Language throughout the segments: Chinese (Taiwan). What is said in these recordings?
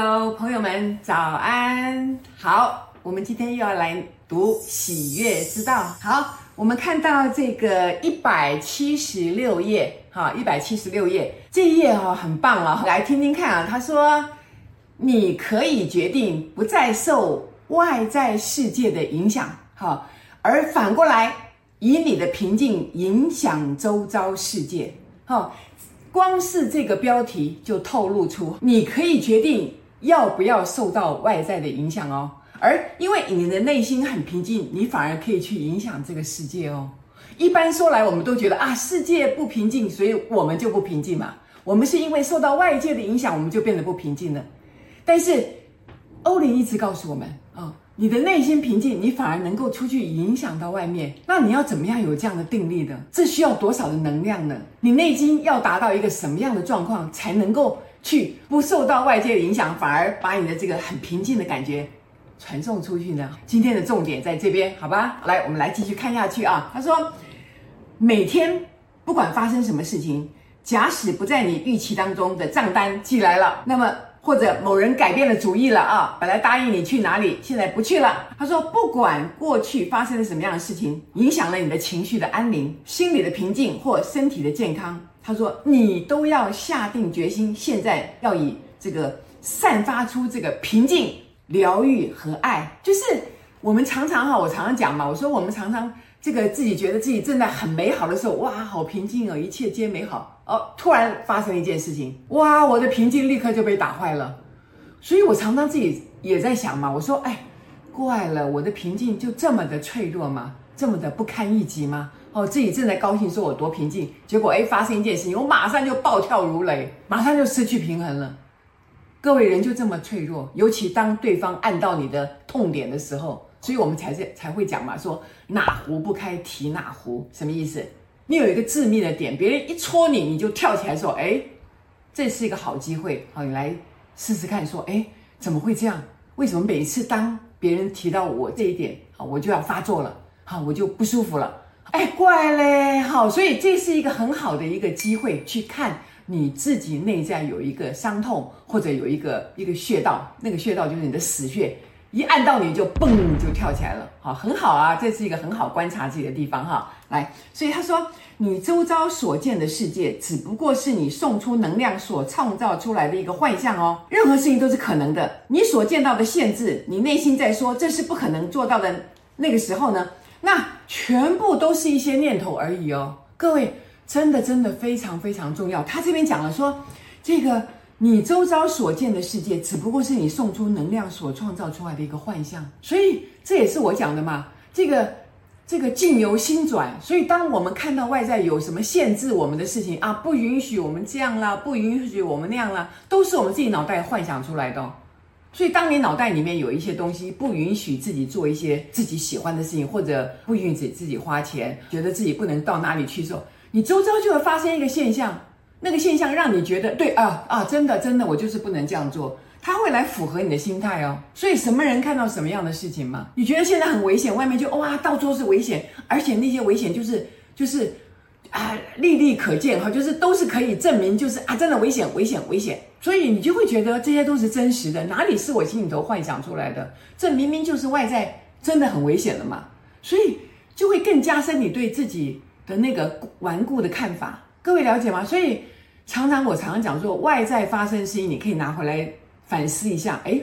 Hello, 朋友們，早安！好，我們今天又要來讀喜悅之道。好，我們看到這個一百七十六頁，哈，一百七十六頁這一頁哈，很棒了。來聽聽看啊，他說：“你可以決定不再受外在世界的影響，哈，而反過來以你的平靜影響周遭世界，哈。光是這個標題就透露出你可以決定。”要不要受到外在的影響哦？而因為你的內心很平靜，你反而可以去影響這個世界哦。一般說來，我們都覺得啊，世界不平靜，所以我們就不平靜嘛。我們是因為受到外界的影響，我們就變得不平靜了。但是歐林一直告訴我們啊，你的內心平靜，你反而能夠出去影響到外面。那你要怎麼樣有這樣的定力呢？這需要多少的能量呢？你內心要達到一個什麼樣的狀況才能夠？去不受到外界的影響，反而把你的這個很平靜的感覺傳送出去呢？今天的重點在這邊，好吧？來，我們來繼續看下去啊。他說，每天不管發生什麼事情，假使不在你預期當中的賬單寄來了，那麼或者某人改變了主意了啊，本來答應你去哪裡，現在不去了。他說，不管過去發生了什麼樣的事情，影響了你的情緒的安寧、心理的平靜或身體的健康。他說：“你都要下定決心，現在要以這個散發出這個平靜、療癒和愛。就是我們常常哈，我常常講嘛，我說我們常常這個自己覺得自己正在很美好的時候，哇，好平靜哦，一切皆美好哦。突然發生一件事情，哇，我的平靜立刻就被打壞了。所以我常常自己也在想嘛，我說，哎，怪了，我的平靜就這麼的脆弱嗎？這麼的不堪一擊嗎？”哦，自己正在高興，說我多平靜。結果哎，發生一件事情，我馬上就暴跳如雷，馬上就失去平衡了。各位，人就這麼脆弱，尤其當對方按到你的痛點的時候，所以我們才是才會講嘛，說哪壺不開提哪壺，什麼意思？你有一個致命的點，別人一戳你，你就跳起來說，哎，這是一個好機會，好，你來試試看。說，哎，怎麼會這樣？為什麼每次當別人提到我這一點，好，我就要發作了，好，我就不舒服了。哎，怪嘞，好，所以這是一個很好的一個機會，去看你自己內在有一個傷痛，或者有一個一個穴道，那個穴道就是你的死穴，一按到你就蹦就跳起來了，好，很好啊，這是一個很好觀察自己的地方哈。來，所以他說，你周遭所見的世界，只不過是你送出能量所創造出來的一個幻象哦。任何事情都是可能的，你所見到的限制，你內心在說，這是不可能做到的，那個時候呢？那全部都是一些念頭而已哦，各位，真的真的非常非常重要。他這邊講了說，這個你周遭所見的世界，只不過是你送出能量所創造出來的一個幻象。所以這也是我講的嘛，這個這個境由心轉。所以當我們看到外在有什麼限制我們的事情啊，不允許我們這樣啦，不允許我們那樣啦，都是我們自己腦袋幻想出來的哦。所以，當你腦袋裡面有一些東西不允許自己做一些自己喜歡的事情，或者不允許自己花錢，覺得自己不能到哪裡去的時候，你周遭就會發生一個現象，那個現象讓你覺得對啊啊，真的真的，我就是不能這樣做，它會來符合你的心態哦。所以，什麼人看到什麼樣的事情嘛？你覺得現在很危險，外面就哇到處都是危險，而且那些危險就是就是。啊，歷歷可見哈，就是都是可以證明，就是啊，真的危險，危險，危險。所以你就會覺得這些都是真實的，哪裡是我心裡頭幻想出來的？這明明就是外在，真的很危險了嘛。所以就會更加深你對自己的那個頑固的看法。各位了解嗎？所以常常我常常講說，外在發生事情，你可以拿回來反思一下，哎，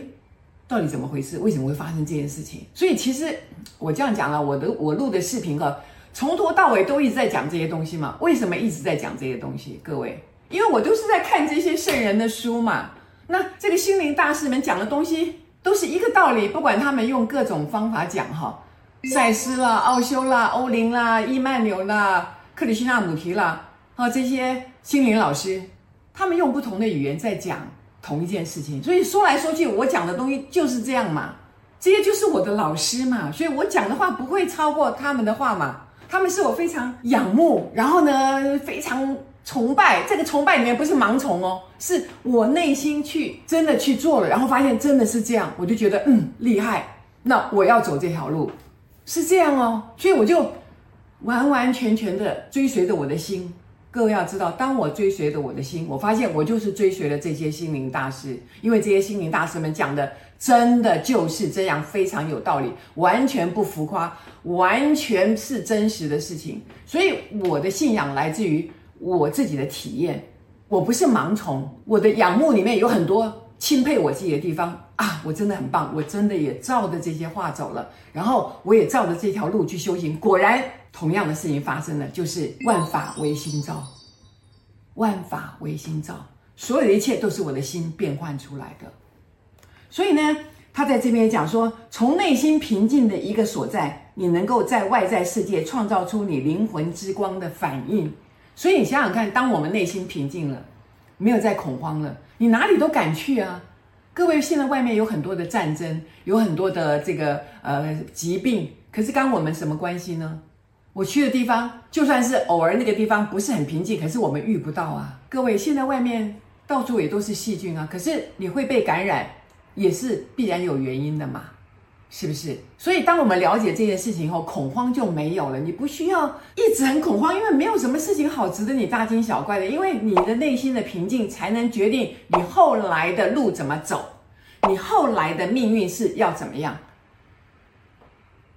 到底怎麼回事？為什麼會發生這件事情？所以其實我這樣講了，啊，我的我錄的視頻哈，啊。從頭到尾都一直在講這些東西嘛？為什麼一直在講這些東西？各位，因為我都是在看這些聖人的書嘛。那這個心靈大師們講的東西都是一個道理，不管他們用各種方法講哈，賽斯啦、奧修啦、歐林啦、伊曼紐啦、克里希那穆提啦，哈，這些心靈老師，他們用不同的語言在講同一件事情。所以說來說去，我講的東西就是這樣嘛。這些就是我的老師嘛，所以我講的話不會超過他們的話嘛。他們是我非常仰慕，然後呢，非常崇拜。這個崇拜裡面不是盲從哦，是我內心去真的去做了，然後發現真的是這樣，我就覺得嗯厲害。那我要走這條路是這樣哦，所以我就完完全全的追隨着我的心。各位要知道，當我追隨着我的心，我發現我就是追隨了這些心靈大師，因為這些心靈大師們講的。真的就是這樣，非常有道理，完全不浮誇，完全是真實的事情。所以我的信仰來自於我自己的體驗，我不是盲從，我的仰慕裡面有很多欽佩我自己的地方啊，我真的很棒，我真的也照着這些話走了，然後我也照着這條路去修行，果然同樣的事情發生了，就是萬法唯心造，萬法唯心造，所有的一切都是我的心變換出來的。所以呢，他在這邊講說，從內心平靜的一個所在，你能夠在外在世界創造出你靈魂之光的反應。所以你想想看，當我們內心平靜了，沒有再恐慌了，你哪裡都敢去啊。各位，現在外面有很多的戰爭，有很多的這個呃疾病，可是跟我們什麼關係呢？我去的地方，就算是偶爾那個地方不是很平靜，可是我們遇不到啊。各位，現在外面到處也都是細菌啊，可是你會被感染。也是必然有原因的嘛，是不是？所以當我們了解這件事情後，恐慌就沒有了。你不需要一直很恐慌，因為沒有什麼事情好值得你大驚小怪的。因為你的內心的平靜，才能決定你後來的路怎麼走，你後來的命運是要怎麼樣。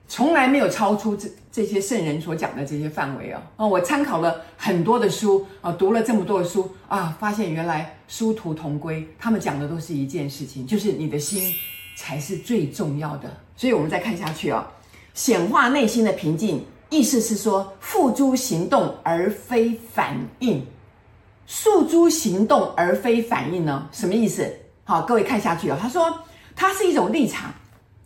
從來沒有超出這這些聖人所講的這些範圍啊、哦！哦，我參考了很多的書啊、哦，讀了這麼多的書啊，發現原來殊途同歸，他們講的都是一件事情，就是你的心才是最重要的。所以，我們再看下去哦，顯化內心的平靜，意思是說付諸行動而非反應，訴諸行動而非反應呢，什麼意思？好、哦，各位看下去啊、哦，他說，它是一種立場，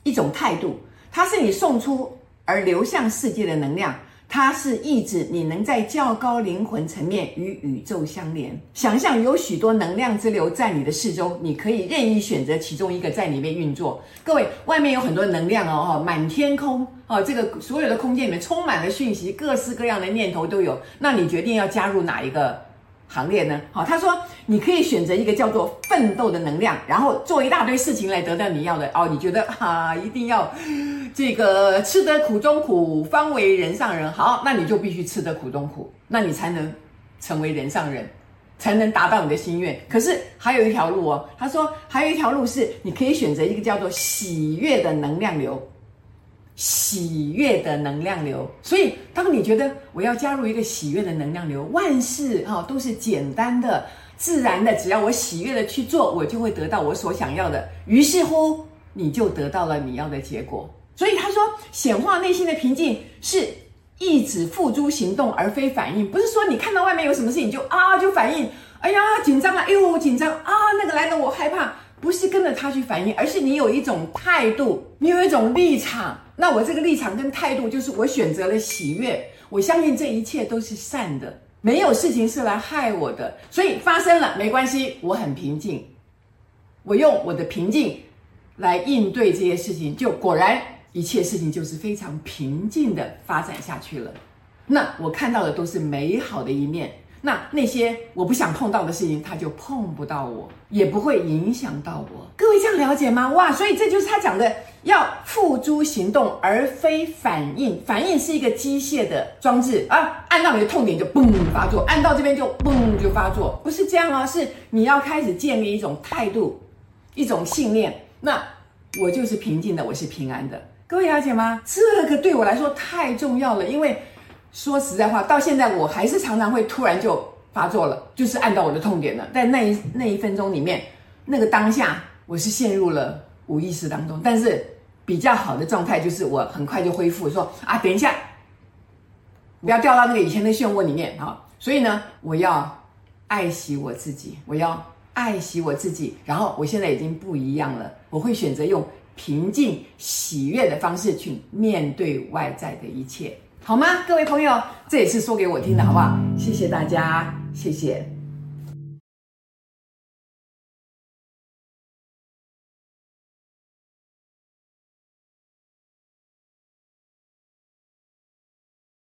一種態度。它是你送出而流向世界的能量，它是意志，你能在較高靈魂層面與宇宙相連。想象有許多能量之流在你的四周，你可以任意選擇其中一個在裡面運作。各位，外面有很多能量哦，哦滿天空哦，這個所有的空間裡面充滿了訊息，各式各樣的念頭都有。那你決定要加入哪一個？行列呢？好，哦，他說你可以選擇一個叫做奮鬥的能量，然後做一大堆事情來得到你要的哦。你覺得哈、啊、一定要這個吃得苦中苦方為人上人。好，那你就必須吃得苦中苦，那你才能成為人上人，才能達到你的心願。可是還有一條路哦，他說還有一條路是你可以選擇一個叫做喜悅的能量流。喜悅的能量流，所以當你覺得我要加入一個喜悅的能量流，萬事哈、啊、都是簡單的、自然的，只要我喜悅的去做，我就會得到我所想要的。於是乎，你就得到了你要的結果。所以他說，顯化內心的平靜是一直付諸行動而非反應，不是說你看到外面有什麼事情就啊就反應，哎呀緊張啊，哎呦我緊張啊，那個來了我害怕，不是跟着他去反應，而是你有一種態度，你有一種立場。那我這個立場跟態度就是，我選擇了喜悅，我相信這一切都是善的，沒有事情是來害我的，所以發生了，沒關係，我很平靜，我用我的平靜來應對這些事情，就果然一切事情就是非常平靜的發展下去了，那我看到的都是美好的一面。那那些我不想碰到的事情，他就碰不到我，也不會影響到我。各位這樣了解嗎？哇，所以這就是他講的，要付諸行動，而非反應。反應是一個機械的裝置啊，按到你的痛點就嘣發作，按到這邊就嘣就發作，不是這樣啊，是你要開始建立一種態度，一種信念。那我就是平靜的，我是平安的。各位了解嗎？這個對我來說太重要了，因為。說實在話，到現在我還是常常會突然就發作了，就是按到我的痛點了。但那一那一分鐘裡面，那個當下我是陷入了無意識當中。但是比較好的狀態就是我很快就恢復說，說啊，等一下，不要掉到那個以前的漩渦裡面啊。所以呢，我要愛惜我自己，我要愛惜我自己。然後我現在已經不一樣了，我會選擇用平靜、喜悅的方式去面對外在的一切。好嗎？各位朋友，這也是說給我聽的，好不好？謝謝大家，謝謝。